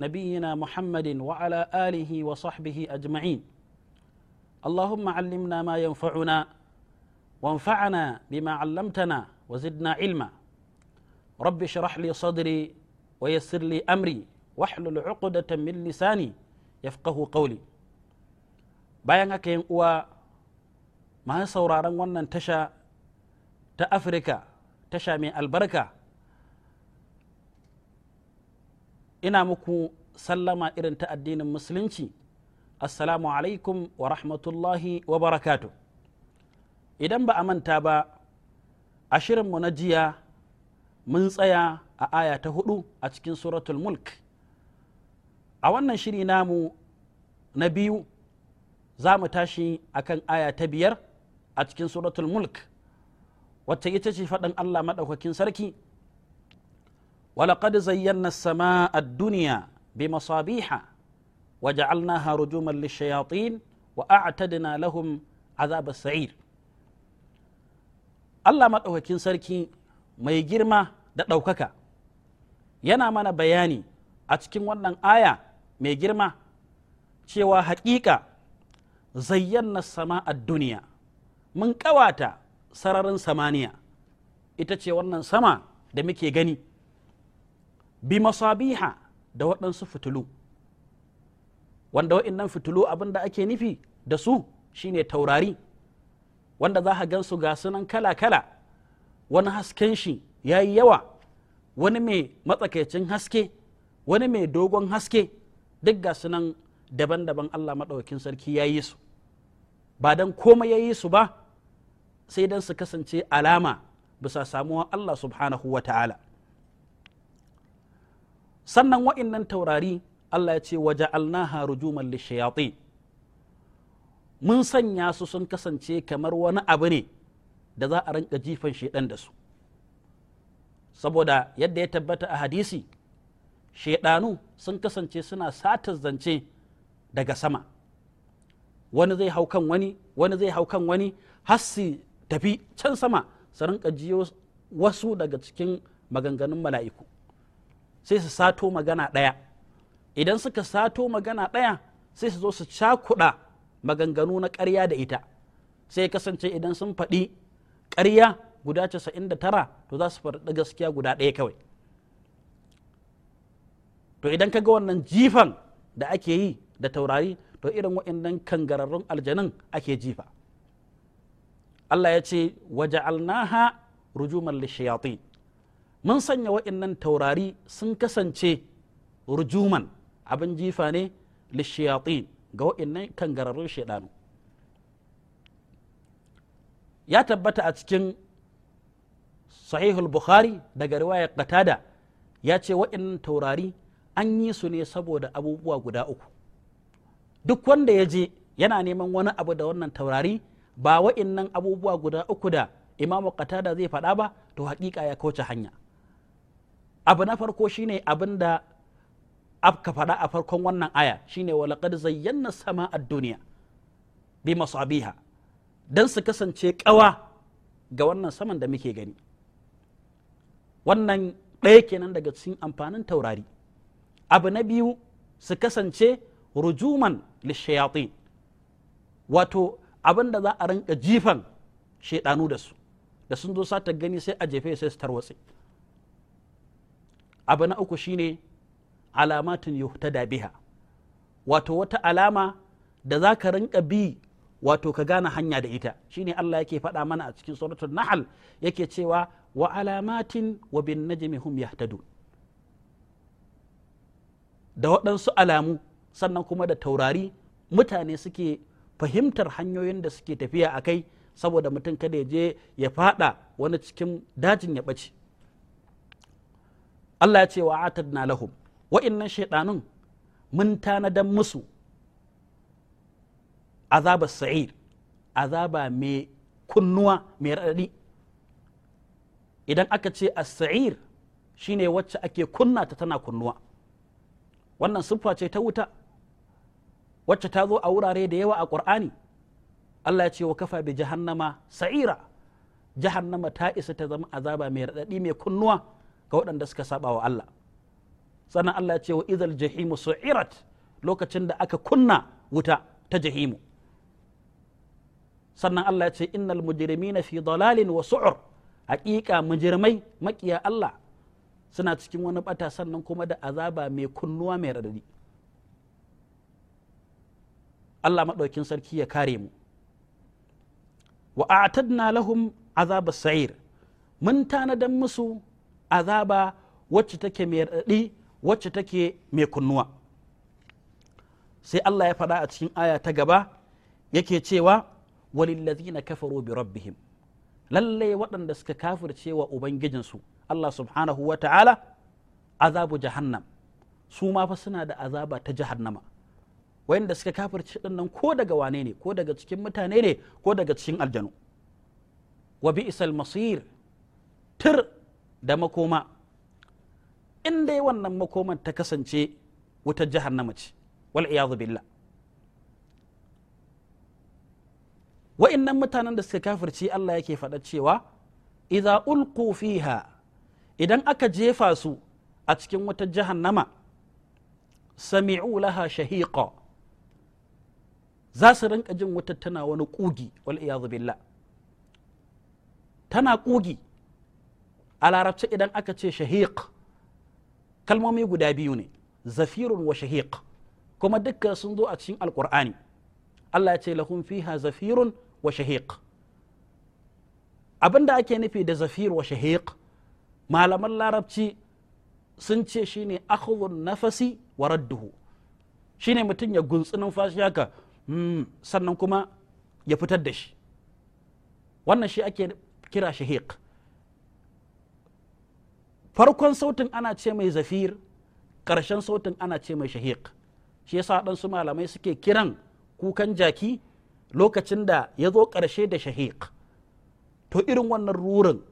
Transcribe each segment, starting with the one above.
نبينا محمد وعلى آله وصحبه أجمعين اللهم علمنا ما ينفعنا وانفعنا بما علمتنا وزدنا علما رب اشرح لي صدري ويسر لي أمري واحلل عقدة من لساني يفقه قولي bayan haka yin uwa masu sauraron wannan tasha ta afirka tasha mai albarka ina muku sallama irin ta addinin musulunci assalamu alaikum wa rahmatullahi wa barakatu idan ba a manta ba a shirinmu na jiya mun tsaya a aya ta hudu a cikin suratul mulk a wannan shiri namu na biyu za mu tashi akan aya ta biyar a cikin suratul mulk wacce ita ce faɗin allah maɗaukakin sarki ولقد زينا السماء الدنيا بمصابيح وجعلناها رجوما للشياطين وأعتدنا لهم عذاب السعير الله ما أهو كنسركي ما يجرم دقوكك ينامنا بياني أتكين ونن آية ما يجرم شوى حقيقة زينا السماء الدنيا من كواتا سررن سمانية إتا شوى ونن سما دمكي غني bi masabiha da waɗansu fitilu wanda waɗannan fitilu abin da ake nufi da su shine taurari wanda za a gansu ga sunan kala-kala wani hasken shi ya yi yawa wani mai matsakaicin haske wani mai dogon haske duk ga sunan daban-daban Allah maɗaukin sarki ya yi su ba don komai ya yi su ba sai don su kasance alama bisa samuwa Allah subhanahu wa ta'ala sannan wa'innan taurari Allah ya ce waje alnaha rujuman lishayati mun sanya su sun kasance kamar wani abu ne da za a rinka jifan shaidan da su saboda yadda ya tabbata a hadisi shaidanu sun kasance suna satar zance daga sama wani zai hau kan wani wani zai hau kan wani hassi tafi can sama su rinka jiyo wasu daga cikin maganganun mala'iku sai su sato magana ɗaya idan suka sato magana ɗaya sai su zo su cakuɗa maganganu na ƙarya da ita sai kasance idan sun faɗi ƙarya guda casa'in da tara to za su faɗi gaskiya guda ɗaya kawai to idan ka ga wannan jifan da ake yi da taurari to irin waɗannan kangararrun aljanin ake jifa Allah ya ce waja'alnaha rujuman lishayatin mun sanya wa'innan taurari sun kasance rujuman abin jifa ne lishiyatin ga kan kangararrun shaidanu ya tabbata a cikin sahihul bukhari daga riwayar qatada ya ce wa'innan taurari an yi su ne saboda abubuwa guda uku duk wanda ya je yana neman wani abu da wannan taurari ba wa'innan abubuwa guda uku da imamu qatada zai faɗa ba to haƙiƙa ya kauce hanya abu na farko shine abinda da ka faɗa a farkon wannan aya shine laqad zayyana sama a duniya bi masabiha dan su kasance ƙawa ga wannan saman da muke gani wannan ɗaya kenan daga cikin amfanin taurari abu na biyu su kasance rujuman lishayatin wato abin da za a rinka jifan shaidanu da su da sun zo sata gani sai a jefe sai su tarwatse abu na uku shine alamatin yuhtada biha wato wata alama da za ka rinka bi wato ka gane hanya da ita shine Allah yake faɗa mana a cikin suratul Nahal yake cewa wa alamatin wa bin najmi hum yahtadun da waɗansu alamu sannan kuma da taurari mutane suke fahimtar hanyoyin da suke tafiya a kai saboda mutum kada ya je ya faɗa wani cikin dajin ya ɓace Allah ya ce wa atadna lahum wa'innan shaidanun mun tanadan musu azabar sa'ir azaba mai kunnuwa mai raɗaɗi idan aka ce a sair shine wacce ake kunna ta tana kunnuwa wannan siffa ce ta wuta wacce ta zo a wurare da yawa a ƙur'ani Allah ya ce wa kafa bi jahannama sa'ira jahannama ta isa ta zama azaba mai raɗaɗi mai kunnuwa ga waɗanda suka saba wa Allah sannan Allah ya ce wa idal jahimu su'irat lokacin da aka kunna wuta ta jahimu sannan Allah ya ce innal mujrimina fi dalalin wa su'ur haƙiƙa mujrimai maƙiya Allah suna cikin wani bata sannan kuma da azaba mai kunnuwa mai radadi Allah maɗaukin sarki ya kare mu wa a'tadna lahum azaba sa'ir mun tanadan musu azaba wacce take mai daɗi, wacce take mai kunnuwa sai Allah ya faɗa a cikin aya ta gaba yake cewa walillazina kafaru bi rabbihim lalle waɗanda suka kafirce wa ubangijinsu Allah subhanahu wa ta'ala azabu jahannam su ma fa suna da azaba ta jahannama wayanda suka kafirce din nan ko daga wane ne ko daga cikin mutane ne ko daga cikin aljanu wa bi'sal masir tir da makoma in dai wannan makoman ta kasance wutar jahannama ce wal billah wa'innan mutanen da suka kafirci Allah yake faɗa cewa idza ulqu fiha idan aka jefa su a cikin wutar jahannama sami'u laha shahiqa za su rinka jin wutar tana wani ƙugi wal billah tana ƙugi. a larabci idan aka ce shahiq kalmomi guda biyu ne zafirun wa shahiq kuma dukkan sun zo a cikin alkur'ani Allah ya ce lahum fiha zafirun wa shahiq abinda ake nufi da zafir wa shahiq malaman larabci sun ce shine akhdhun nafasi wa radduhu shine mutum ya guntsi numfashi haka hmm, sannan kuma ya fitar da shi wannan shi ake kira shahiq farkon sautin ana ce mai zafir ƙarshen sautin ana ce mai shahiq shi yasa ɗansu malamai suke kiran kukan jaki lokacin da ya zo ƙarshe da shahiq to irin wannan rurin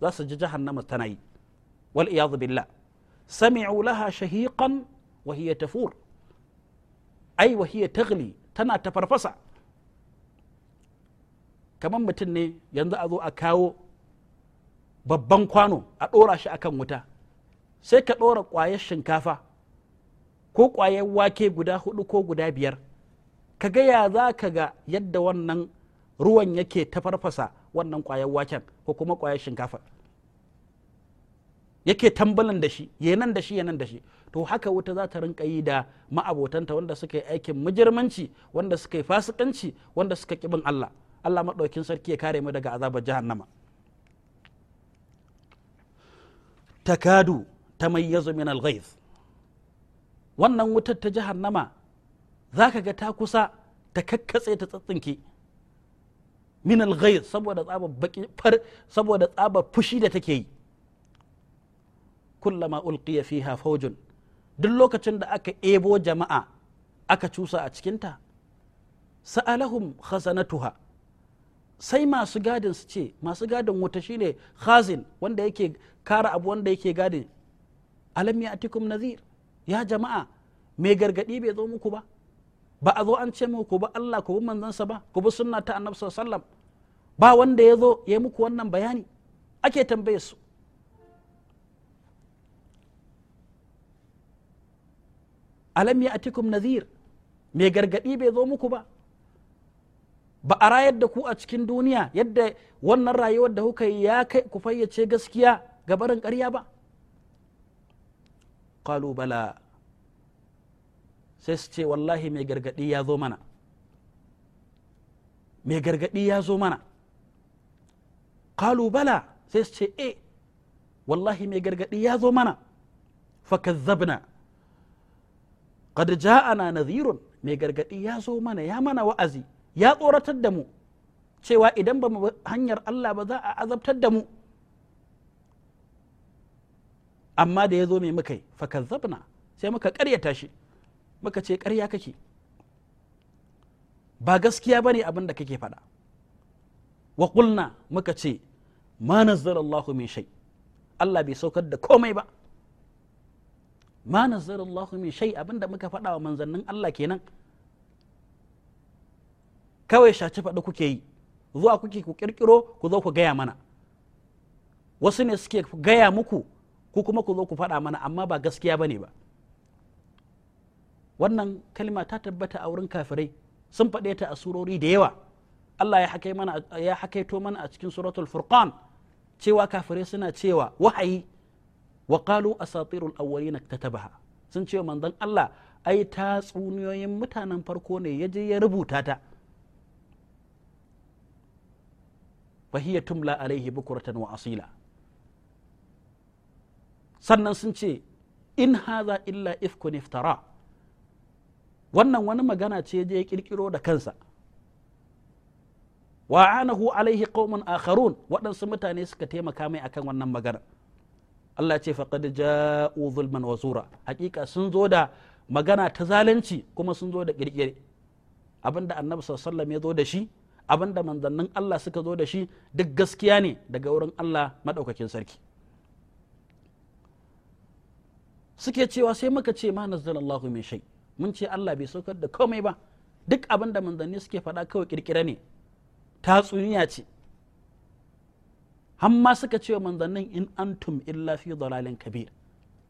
za su ji jahannama tana yi wal iyadu billah sami'u laha shahiqan wa hiya tafur ai wa hiya taghli tana ta farfasa kamar mutum ne yanzu a zo a kawo babban kwano a ɗora shi akan wuta sai ka ɗora ƙwayar shinkafa ko ƙwayar wake guda hudu ko guda biyar ka ga ya za ka ga yadda wannan ruwan yake tafarfasa wannan ƙwayar waken ko kuma ƙwayar shinkafa yake tambalan da shi yanan da shi yanan da shi to haka wuta za ta rinka yi da ma'abotanta wanda suka yi aikin mujirmanci wanda suka yi fasikanci wanda suka ƙi bin Allah Allah maɗaukin sarki ya kare mu daga azabar jahannama takadu tamayyazu min minal gais. wannan wutar ta jahannama zaka ga ta kusa ta kakkatse ta tsatsinke min al saboda tsabar baki far saboda tsaba fushi da take yi kullama ulqiya fiha fawjun duk lokacin da aka ebo jama'a aka cusa a cikinta sa'alahum khazanatuha sai masu gadin su ce masu gadin wuta shine khazin wanda yake kara abu wanda yake gadin alam ya atikum nazir ya jama'a mai gargadi bai zo muku ba ba a zo an ce muku ba Allah ku bi manzansa ba ku bi sunna ta annabi Sallam. ba wanda ya zo ya muku wannan bayani ake tambaye su alam ya atikum nazir mai gargadi bai zo muku ba ba a rayar da ku a cikin duniya yadda wannan rayuwar da kuka yi ya kai ku fayyace gaskiya ga barin ƙarya ba qalu bala sai su ce wallahi mai gargaɗi ya zo mana mai gargaɗi ya zo mana qalu bala sai su ce e wallahi mai gargaɗi ya zo mana fakazzabna qad ja'ana nadhirun mai gargaɗi ya zo mana ya mana wa'azi ya tsoratar da mu cewa idan ba mu hanyar Allah ba za a azabtar da mu amma da ya zo mai muka yi fakazzabna sai muka karyata shi muka ce karya kake ba gaskiya bane abin da kake faɗa wa muka ce ma nazzara Allahu Allah bai saukar da komai ba ma nazzara shai min abin da muka faɗa wa manzannin Allah kenan kawai shace faɗa kuke yi zuwa kuke ku ƙirƙiro ku zo ku gaya mana wasu ne suke gaya muku ku kuma ku zo ku faɗa mana amma ba gaskiya bane ba wannan kalma ta tabbata a wurin kafirai sun faɗe ta a surori da yawa Allah ya hakai mana hakaito mana a cikin suratul furqan cewa kafirai suna cewa wahayi wa qalu asatirul awwalin tatabaha sun cewa manzon Allah ai tatsuniyoyin mutanen farko ne yaje ya rubuta ta fahiya tumla alaihi bukuratan wa asila sannan sun ce in haza illa ifkun iftara wannan wani magana ce je ya kirkiro da kansa wa'anahu alaihi qaumun akharun waɗansu mutane suka taimaka mai akan wannan magana Allah ce faqad ja'u zulman wa zura hakika sun zo da magana ta zalunci kuma sun zo da kirkire abinda annabi sallallahu alaihi wasallam ya zo da shi abinda manzannin Allah suka zo da shi duk gaskiya ne daga wurin Allah maɗaukakin sarki suke cewa sai muka ce ma nazzalallahu mai shai mun ce Allah bai saukar da komai ba duk abin da manzanni suke faɗa kawai kirkira ne tatsuniya ce hamma suka ce wa manzannin in antum illa fi dalalin kabir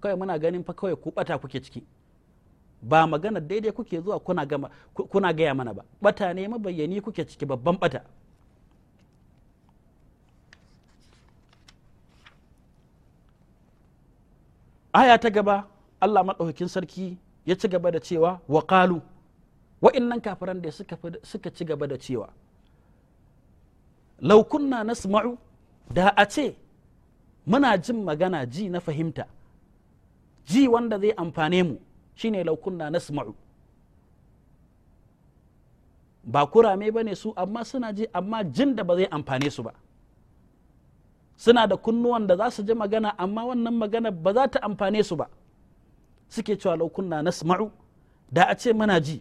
kawai muna ganin fa kawai ku bata kuke ciki ba magana daidai kuke zuwa kuna gaya mana ba bata ne mabayyani kuke ciki babban bata aya ta gaba Allah maɗaukakin sarki ya ci gaba da cewa wa qalu nan kafiran da suka ci gaba da cewa laukunna na sumaru da a ce muna jin magana ji na fahimta ji wanda zai amfane mu shine laukunna nasma'u ba kurame ba ne su amma suna ji amma jin da ba zai amfane su ba suna da kunnuwan da za su ji magana amma wannan magana ba za ta amfane su ba suke cewa laukunna nasma'u da a ce muna ji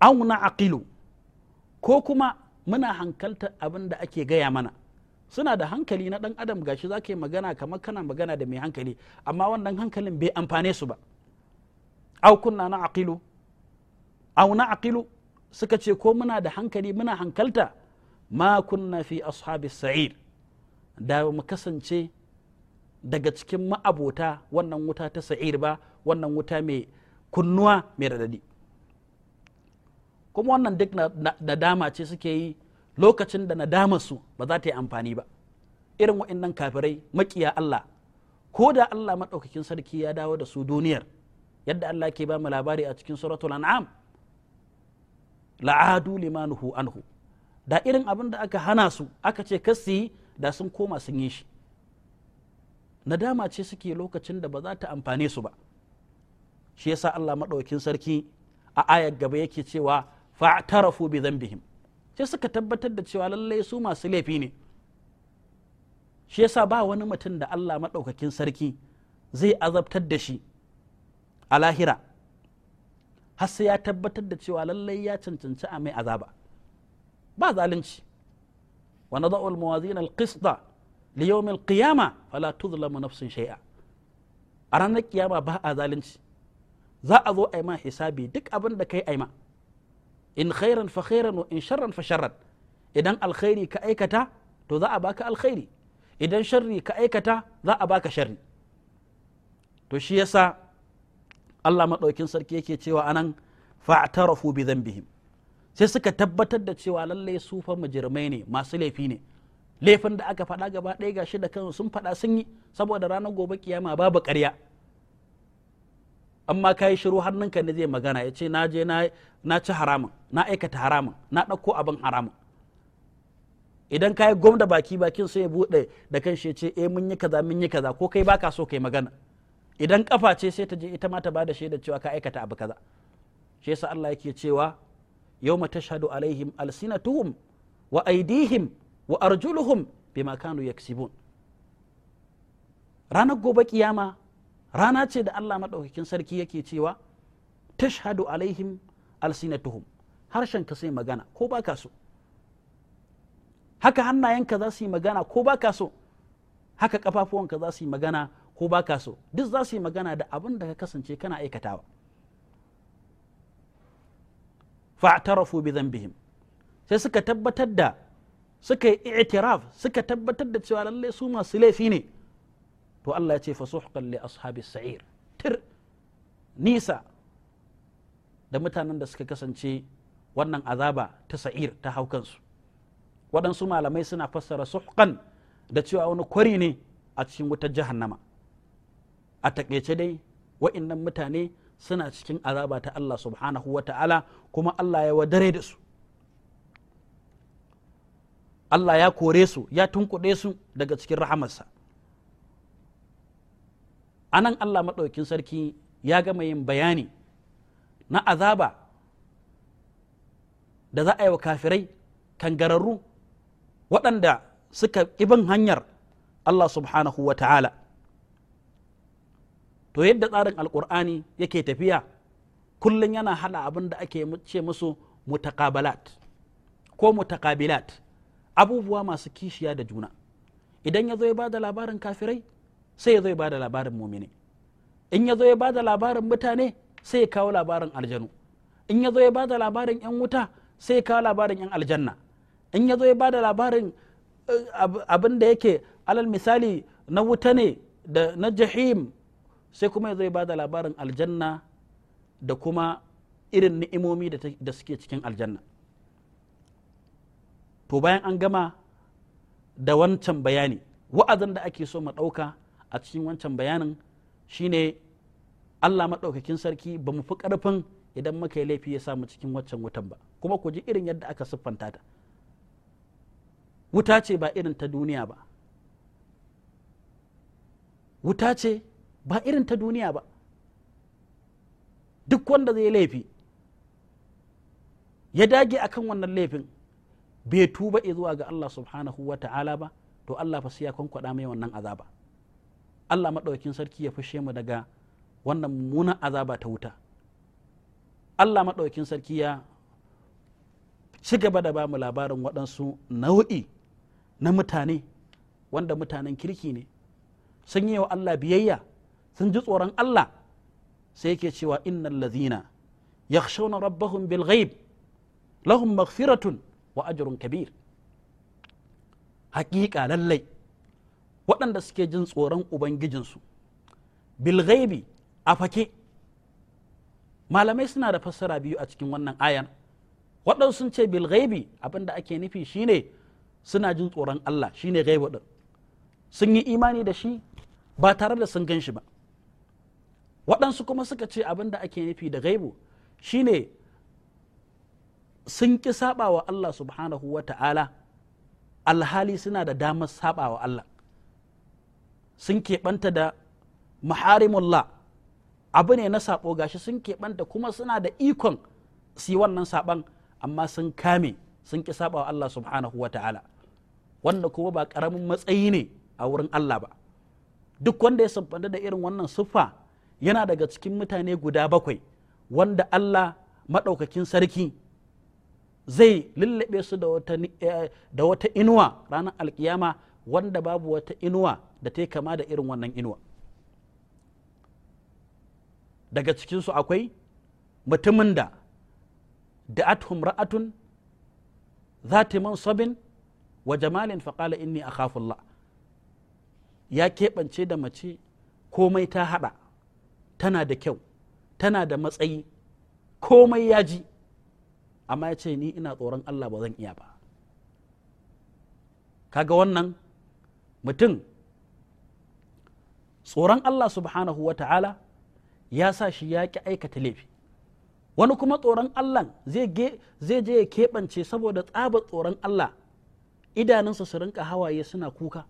an na aqilu ko kuma muna hankalta abin da ake gaya mana suna da hankali na ɗan adam gashi za ka yi magana kamar kana magana da mai hankali amma wannan hankalin bai amfane su ba au kunna na aqilu au na aqilu suka ce ko muna da hankali muna hankalta ma kunna fi ashabi sa'ir da mu kasance daga cikin ma'abota wannan wuta ta sa'ir ba wannan wuta mai kunnuwa mai radadi kuma wannan duk nadama ce suke yi lokacin da su ba za ta yi amfani ba irin wa'in nan kafirai makiya Allah ko da Allah maɗaukakin sarki ya dawo da su duniyar yadda Allah ke ba mu labari a cikin suratul an'am la'adu limanuhu anhu da irin abin da aka hana su aka ce kasi da sun koma sun yi shi nadama ce suke lokacin da ba za ta amfane su ba shi yasa Allah maɗaukin sarki a ayar gaba yake cewa fa'tarafu bi dhanbihim sai suka tabbatar da cewa lallai su masu laifi ne shi yasa ba wani mutum da Allah maɗaukakin sarki zai azabtar da shi a lahira har sai ya tabbatar da cewa lallai ya cancanci a mai azaba ba zalunci wa nadau al-mawazin al-qisda li yawm qiyama fala tuzlamu nafsun shay'a a ranar kiyama ba a zalunci za a zo ma hisabi duk abin da kai aima in khairan fa khairan wa in sharran fa sharran idan alkhairi ka aikata to za a baka alkhairi idan sharri ka aikata za a baka sharri to shi yasa Allah maɗaukin sarki yake cewa anan fa'tarafu bi dhanbihim sai suka tabbatar da cewa lallai su fa mujrimai ne masu laifi ne laifin da aka faɗa gaba ɗaya gashi da kansu sun faɗa sun yi saboda ranar gobe kiyama babu ƙarya amma ka shiru hannunka ne zai magana ya ce na je na ci haramun na aikata haramun na ɗauko abin haramun idan kai gwamna gwamda baki bakin sai ya buɗe da kan shi ce eh mun yi kaza mun yi kaza ko kai baka so kai magana idan kafa ce sai ta je ita ma ta bada shaida cewa ka aikata abu kaza shi yasa Allah yake cewa yawma tashhadu alaihim alsinatuhum wa aydihim wa arjuluhum bima kanu yaksibun ranar gobe kiyama rana ce da Allah madaukakin sarki yake cewa tashhadu alaihim alsinatuhum harshen ka sai magana ko baka so haka hannayenka za su yi magana ko baka so haka kafafuwanka za su yi magana ko ba so duk za su yi magana da abin da ka kasance kana aikatawa fa'tarafu bi dhanbihim sai suka tabbatar da suka yi i'tiraf suka tabbatar da cewa lalle su masu laifi ne to Allah ya ce fasuhqan li ashabis sa'ir tir nisa da mutanen da suka kasance wannan azaba ta sa'ir ta haukansu waɗansu malamai suna fassara suhqan da cewa wani kwari ne a cikin wutar jahannama a takaice dai wa'innan mutane suna cikin azaba ta Allah subhanahu wa ta'ala kuma Allah ya wadare da su Allah ya kore su ya tunkuɗe su daga cikin rahamarsa Anan Allah maɗaukin sarki ya gama yin bayani na azaba da za a yi wa kafirai kangararru waɗanda suka ibin hanyar Allah subhanahu wa ta'ala to yadda tsarin alkur'ani yake tafiya kullum yana hada abin da ake ce musu mutakabalat ko mutakabilat abubuwa masu kishiya da juna idan ya zo ya bada labarin kafirai sai ya zo ya bada labarin mumini in ya zo ya bada labarin mutane sai ya kawo labarin aljanu in ya zo ya bada labarin yan wuta sai ya kawo labarin yan aljanna in ya zo ya bada labarin eh, abin da yake alal misali na wuta ne da na jahim sai kuma zai ba da labarin aljanna da kuma irin ni'imomi da suke cikin aljanna to bayan an gama da wancan bayani wa'azin da ake so mu ɗauka a cikin wancan bayanin shine allah maɗaukakin sarki ba mu fi ƙarfin idan muka yi laifi ya samu cikin wancan wutan ba kuma ku ji irin yadda aka siffanta ta wuta ce ba irin ta duniya ba wuta ce ba irin ta duniya ba duk wanda zai laifi ya dage akan wannan laifin bai tuba zuwa ga Allah subhanahu wa ta'ala ba to Allah fa sai ya kwankwada mai wannan azaba Allah maɗaukin sarki ya fushe mu daga wannan mummunan azaba ta wuta Allah maɗaukin sarki ya ci gaba da ba mu labarin waɗansu nau'i na mutane wanda mutanen kirki ne sun yi wa Allah biyayya sun ji tsoron Allah sai yake cewa innal ladhina yakhshawna rabbahum bil ghaib lahum maghfiratun wa ajrun kabir haƙiƙa lallai waɗanda suke jin tsoron ubangijinsu bil ghaibi a fake malamai suna da fassara biyu a cikin wannan ayar waɗansu sun ce bil ghaibi abinda ake nufi shine suna jin tsoron Allah shine ghaibu din sun yi imani da shi ba tare da sun gan shi ba waɗansu kuma suka ce abin da ake nufi da gaibu shine sun ƙi saba wa Allah subhanahu wa ta'ala alhali suna da damar saba wa Allah sun keɓanta da maharimullah abu ne na saɓo gashi sun keɓanta kuma suna da ikon si wannan saɓan amma sun kame sun ƙi saba wa Allah subhanahu wa ta'ala wanda kuma ba ƙaramin matsayi ne a wurin Allah ba duk wanda ya da irin wannan siffa yana daga cikin mutane guda bakwai wanda Allah maɗaukakin sarki zai lullaɓe su eh, da wata inuwa ranar alkiyama wanda babu wata inuwa da ta kama da irin wannan inuwa daga cikinsu akwai mutumin da da athum ra'atun zati sabin wa jamalin faƙala inni la ya keɓance da mace komai ta haɗa tana da kyau tana da matsayi komai ya ji amma ya ce ni ina tsoron Allah ba zan iya ba kaga wannan mutum tsoron Allah subhanahu wa ta'ala ya sa shi ya ki aikata laifi wani kuma tsoron Allah zai je ya keɓance saboda tsaba tsoron Allah idanunsa su rinka hawaye suna kuka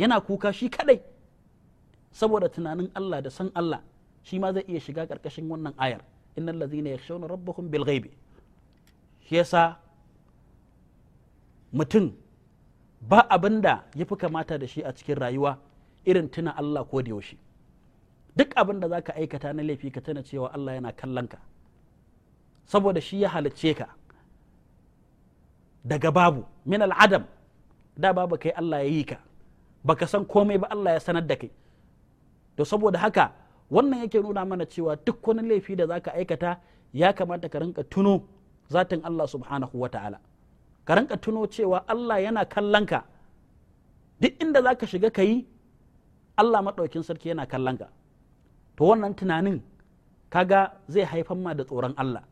yana kuka shi kadai saboda tunanin Allah da san Allah shi ma zai iya shiga ƙarƙashin wannan ayar innal ladzina yakhshawna rabbahum bil bilgaibe shi yasa mutum ba abin da ya fi kamata da shi a cikin rayuwa irin tuna Allah ko da yaushe duk abin da za ka aikata na laifi ka tana cewa Allah yana kallon ka saboda shi ya halicce ka daga babu min al'adam da babu kai Allah ya yi ka baka san komai ba Allah ya sanar da kai to saboda haka wannan yake nuna mana cewa duk wani laifi da zaka aikata ya kamata ka rinka tuno zatin Allah subhanahu wa ta'ala ka rinka tuno cewa Allah yana kallon ka duk inda zaka shiga ka yi Allah maɗaukin sarki yana kallon ka to wannan tunanin kaga zai haifar ma da tsoron Allah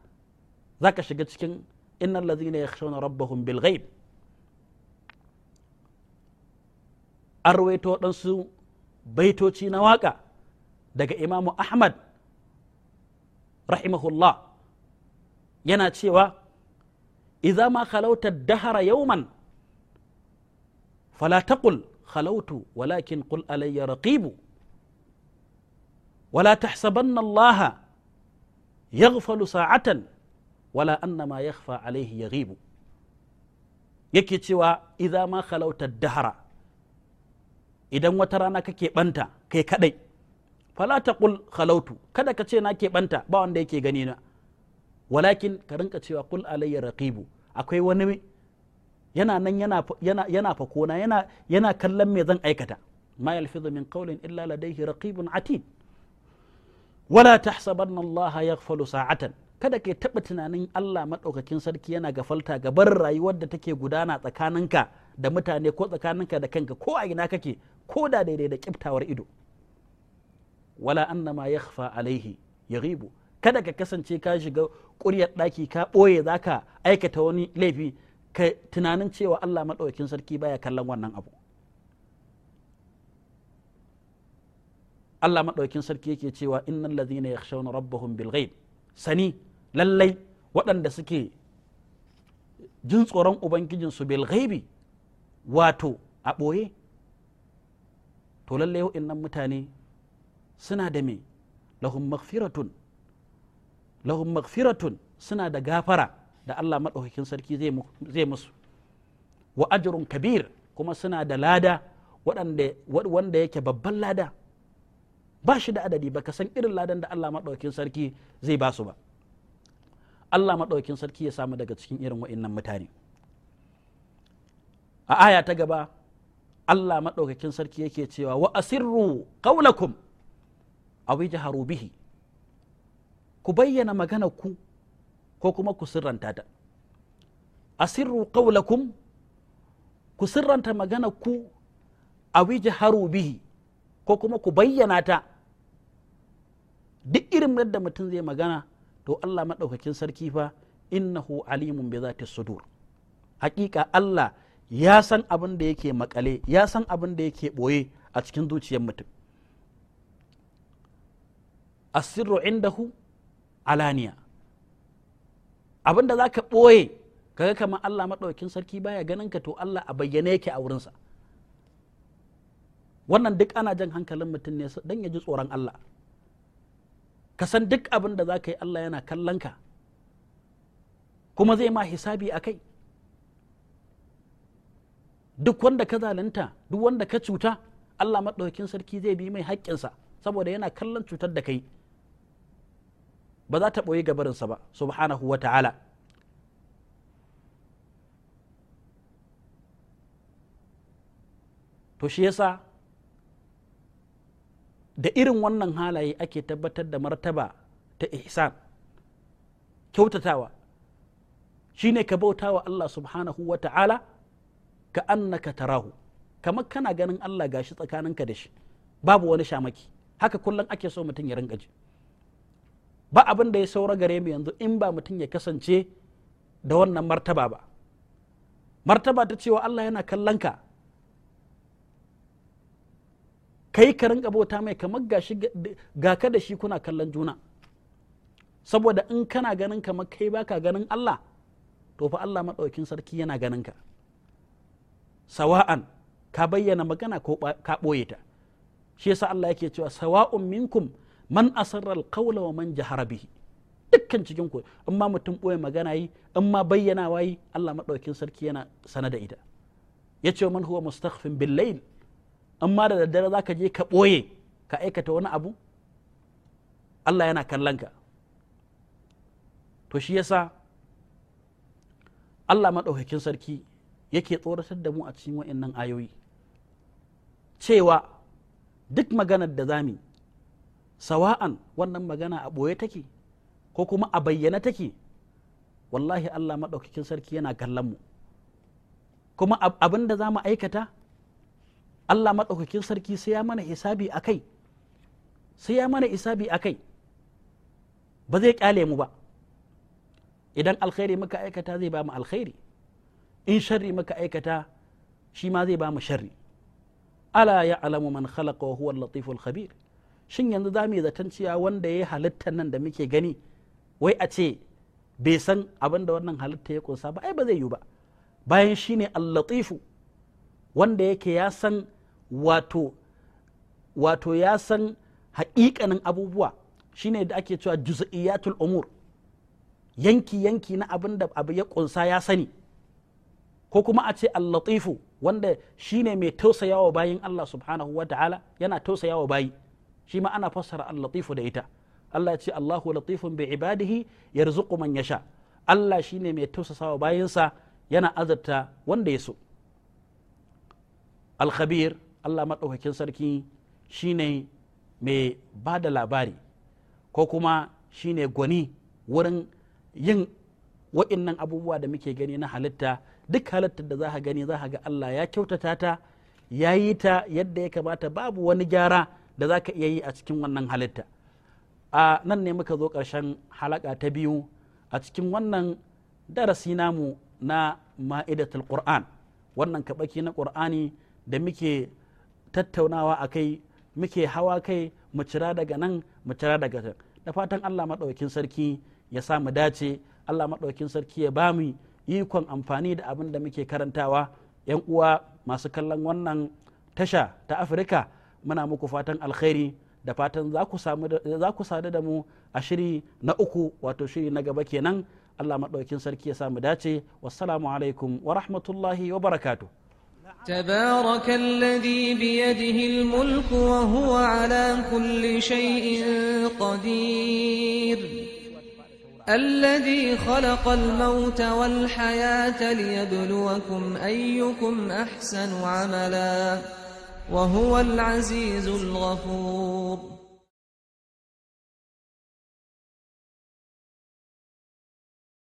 zaka shiga cikin innal ladzina yakhshawna rabbahum bil ghaib an rawaito waɗansu baitoci na waƙa daga imamu ahmad rahimahullah yana cewa idza ma khalauta dahara yawman fala taqul khalautu walakin qul alayya raqibu ولا تحسبن الله يغفل ساعة ولا أن ما يخفى عليه يغيب yake cewa idza ma khalauta dahara idan wata rana kake banta kai kadai fala ta kul khalautu kada ka ce na keɓanta ba wanda yake gani na walakin ka rinka cewa kul alayya raqibu akwai wani yana nan yana yana yana fakona yana yana kallon me zan aikata ma yalfidhu min qawlin illa ladayhi raqibun atid wala tahsabanna allaha yaghfalu sa'atan kada ka taɓa tunanin Allah maɗaukakin sarki yana gafalta ga bar rayuwar da take gudana tsakaninka da mutane ko tsakaninka da kanka ko a ina kake ko da daidai da kiftawar ido wala anna ma yakhfa alaihi yaghibu kada ka kasance ka shiga ƙuryar ɗaki ka ɓoye zaka aikata wani laifi ka tunanin cewa Allah maɗaukin sarki baya kallon wannan abu Allah maɗaukin sarki yake cewa innal ladhina yakhshawna rabbahum bil ghaib sani lallai waɗanda suke jin tsoron ubangijinsu su bil ghaibi wato a ɓoye to lallai nan mutane suna da me lahum maghfiratun lahum maghfiratun suna da gafara da Allah maɗaukakin sarki zai musu wa ajrun kabir kuma suna da lada wanda yake babban lada ba shi da adadi ba ka san irin ladan da Allah maɗaukakin sarki zai ba su ba Allah maɗaukakin sarki ya samu daga cikin irin wa'innan mutane a aya ta gaba Allah maɗaukakin sarki yake cewa wa asirru qaulakum awi jaharu bihi ku bayyana magana ku ko kuma ku sirranta ta asirru qawlakum ku sirranta magana ku awi jaharu bihi ko kuma ku bayyana ta duk irin yadda mutum zai magana to Allah maɗaukakin sarki fa innahu alimun bi zati sudur hakika Allah ya san abin da yake makale ya san abin da yake boye a cikin zuciyar mutum asirru indahu alaniya abinda za ka ɓoye kaga kamar Allah maɗaukin sarki baya ganin ka to Allah a bayyane yake a wurinsa wannan duk ana jan hankalin mutum ne don ya ji tsoron Allah ka san duk abin da za ka yi Allah yana kallon ka kuma zai ma hisabi a kai duk wanda ka zalunta duk wanda ka cuta Allah maɗaukin sarki zai bi mai haƙƙinsa saboda yana kallon cutar da kai ba za ta ɓoye gabarinsa ba subhanahu wa ta'ala to shi yasa da irin wannan halaye ake tabbatar da martaba ta ihsan kyautatawa shine ka bauta wa Allah subhanahu wa ta'ala ka annaka tarahu kamar kana ganin Allah gashi tsakaninka da shi babu wani shamaki haka kullum ake so mutum ya rinka ji ba abin da ya saura gare mu yanzu in ba mutum ya kasance da wannan martaba ba martaba ta cewa Allah yana kallon ka kai ka rinka bauta mai kamar gashi ga ka da shi kuna kallon juna saboda in kana ganin kamar kai baka ganin Allah to fa Allah maɗaukin sarki yana ganin ka sawa'an ka bayyana magana ko ka ɓoye ta shi yasa Allah yake cewa sawa'un minkum man asarra alqawla wa man jahara bihi dukkan cikin ku in ma mutum boye magana yi in ma bayyanawa wayi, Allah madaukin sarki yana sana da ita yace man huwa mustakhfin bil layl in ma da daddare zaka je ka boye ka aikata wani abu Allah yana kallon ka to shi yasa Allah madaukakin sarki yake tsoratar da mu a cikin wa'annan ayoyi cewa duk maganar da zamu sawa'an wannan magana a ɓoye take ko kuma a bayyana take wallahi Allah maɗaukakin sarki yana kallon mu kuma abin da za mu aikata Allah maɗaukakin sarki sai ya mana hisabi a kai sai ya mana hisabi a kai ba zai ƙyale mu ba idan alkhairi muka aikata zai ba mu alkhairi in sharri muka aikata shi ma zai ba mu sharri ala ya alamu man khalaqa wa huwa al-latiful khabir shin yanzu za mu yi zaton cewa wanda ya halitta nan da muke gani wai a ce bai san abin da wannan halitta ya kunsa ba ai ba zai yi ba bayan shi ne allatifu wanda yake ya san wato wato ya san haƙiƙanin abubuwa Shi ne da ake cewa juz'iyatul umur yanki yanki na abin da abu ya kunsa ya sani ko kuma a ce allatifu wanda shi ne mai tausayawa bayin Allah subhanahu wa ta'ala yana tausayawa bayi shi ma ana fassara al-latifu da ita Allah ya ce Allahu latifun bi ibadihi yarzuqu man yasha Allah shine mai tausasawa bayansa yana azabta wanda ya so al-khabir Allah madaukakin sarki shine mai ba da labari ko kuma shine gwani wurin yin wa'innan abubuwa da muke gani na halitta duk halittar da za ka gani za ga Allah ya kyautata ta ya yi ta yadda ya kamata babu wani gyara da za ka iya yi a cikin wannan halitta a nan ne muka zo ƙarshen halaka ta biyu a cikin wannan darasi namu na ma'idatul qur'an wannan kaɓaki na qur'ani da muke tattaunawa a kai muke hawa kai mu cira daga nan mu cira daga nan da fatan allah maɗaukin sarki ya sa mu dace allah maɗaukin sarki ya ba mu ikon amfani da abin da muke karantawa 'yan uwa masu kallon wannan tasha ta afirka muna muku fatan alkhairi da fatan za ku sadu da mu a shiri na uku wato shiri na gaba kenan Allah maɗaukin sarki ya samu dace wassalamu alaikum wa rahmatullahi wa barakatu تبارك الذي بيده الملك وهو على كل شيء قدير الذي خلق الموت والحياة ليبلوكم أيكم أحسن عملاً وهو العزيز الغفور